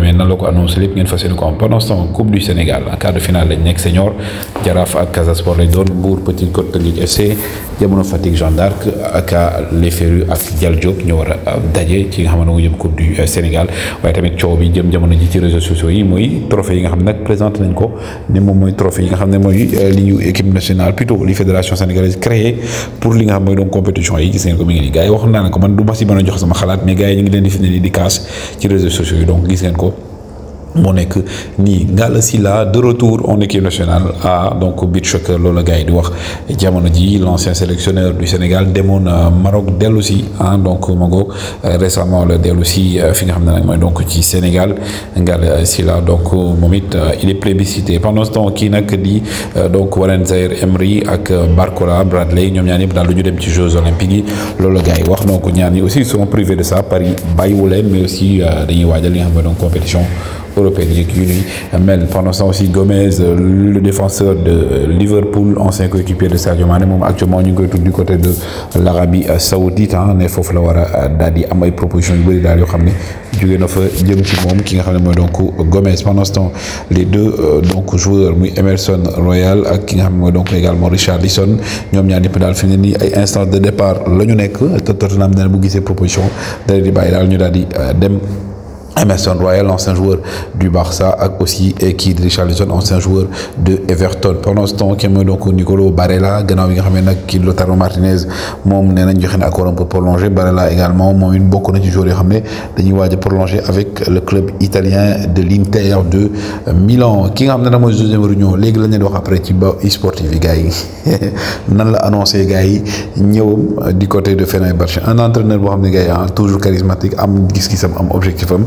même nan ko annoncé ngeen ko coupe du Sénégal en quart de finale senior Jaraaf ak Casa doon Petite Côte ligue FC jamono d'Arc ak Les Férus ak Dial Diop ñu ci nga coupe du euh, Sénégal tamit bi jëm jamono ci réseaux sociaux yi moy trophée yi nga xam nak présenté nañ ko né moy trophée yi nga xam né moy euh, li ñu équipe nationale plutôt li fédération sénégalaise créée pour li nga xam compétition yi ko du jox sama sociaux ¿no? mon ni ni de retour en équipe nationale a donc au soccer loolu la Diamondi, l'ancien sélectionneur du Sénégal démon euh, Maroc dellu hein, donc mongo euh, récemment le Finham finalement donc ci Sénégal galassila euh, donc Momit, il est plébiscité pendant ce temps n'a que donc Warren zaire Emery ak Barcola Bradley ñoom dans le lieu des petits Jeux olympiques yi donc aussi sont privés de ça Paris Bayoulen, mais aussi dañuy waajal compétition européenne qui lui mène. Pendant ça aussi, Gomez, euh, le défenseur de euh, Liverpool, ancien coéquipier de Sadio Mané, actuellement ñu ngi koy tudd du côté de euh, l'Arabie Saoudite ah ne foofu la war a daal di am ay propositions yu bëri daal yoo xam ne na fa jëm ci moom ki nga xam ne donc Gomez pendant ce temps les deux donc joueurs muy Emerson Royal ak ki nga xam ne donc également Richarlison ñoom ñaar ñëpp daal fi mu ne nii ay instance de départ la ñu nekk te Tottenham bu gisee proposition dana di bàyyi daal ñu daal dem. Emerson Royal, ancien joueur du Barça, et aussi Richardson, ancien joueur de Everton. Pendant ce temps, qui est donc Nicolo Barella, gannaaw bi nga xam Lautaro Martinez Mom nee nañ joxe accord pour prolonger Barella également Mom une bokk ci joueurs yoo xam dañuy prolonger avec le club italien de l'Inter de Milan Qui nga xam ne nag mooy José Mourinho Les lañ leen wax après ci ba sportif yi yi nan la annoncé gars yi du côté de Fenerbahçe un entraîneur boo xam ah, toujours charismatique am gis-gisam am objectif am.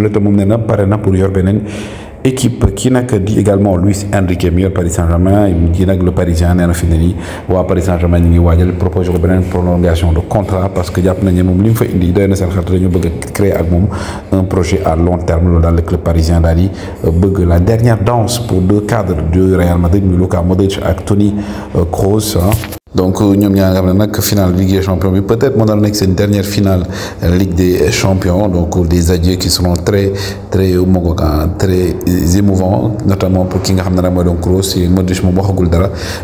le moom na que dit pour yor beneen équipe ki di également Luis Enrique meilleur Paris Saint-Germain ji que le parisien nee en finale ne Paris Saint-Germain il ngi propose proposer une prolongation de contrat parce que jàpp nañ ne moom fa indi doy na seen créer ak un projet à long terme dans le club parisien d'Ali euh, la dernière danse pour deux cadres du Real Madrid muy Luka Modric ak Toni euh, Kroos hein donc nous euh, ñaa nga xam ne finale Ligue des Champions mais peut-être que c'est une dernière finale euh, Ligue des Champions donc des adieux qui seront très très euh, très émouvants notamment pour King nga xam ne nag donc Kroos Modric moom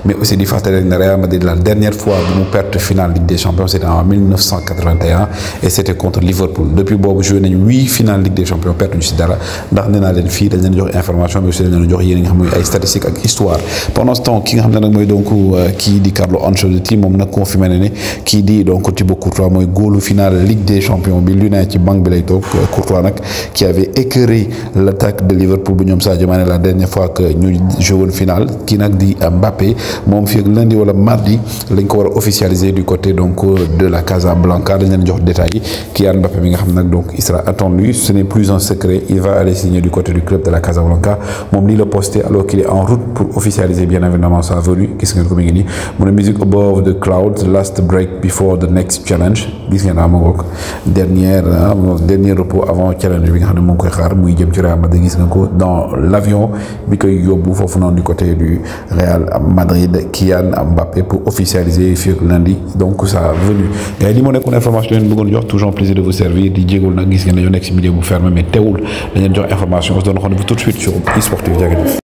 mais aussi di fàttali rek Real la dernière fois bu mu perte finale Ligue des Champions c'était en 1981 et c'était contre Liverpool depuis boobu joué nañu huit finales Ligue des Champions perte ñu si dara ndax nee naa leen jox information mais aussi des leen jox yéen nga xam ay statistiques histoire pendant ce temps King nga xam ne qui dit donc di Carlo chose team team a confirmé confirme qui dit donc donc Thibaut Courtois moy golu final Ligue des champions bi lu ne ci banque bi lay Courtois qui avait écœuré l'attaque de Liverpool bu ñoom Sadio Mané la dernière fois que ñu jouons une finale qui nak di Mbappé mon fi ak lundi wala mardi lañ ko wara officialiser du côté donc de la Casablanca dañ leen jox détails qui Mbappé mi nga xam donc il sera attendu ce n'est plus un secret il va aller signer du côté du club de la Casablanca mon lit le posté alors qu'il est en route pour officialiser bien évidemment sa venue qu'est-ce que vous ngi nii mon musique above the clouds last break before the next challenge gis ngeen ah ma ngoog dernière ah, dernier repos avant challenge bi nga xam ne mu koy xaar muy jëm ci Real Madrid gis nga ko dans l' avion bi koy yóbbu foofu noonu du côté du Real Madrid Kylian Mbappé pour officialiser fii lundi donc ça venu gars yi li moo nekkoon information yi bëggoon jox toujours plaisir de vous servir di jéegul nag gis ngeen dañoo nekk si milieu bu fermé mais teewul dañ leen jox information on se donne rendez-vous tout de suite sur iSportif jaagin.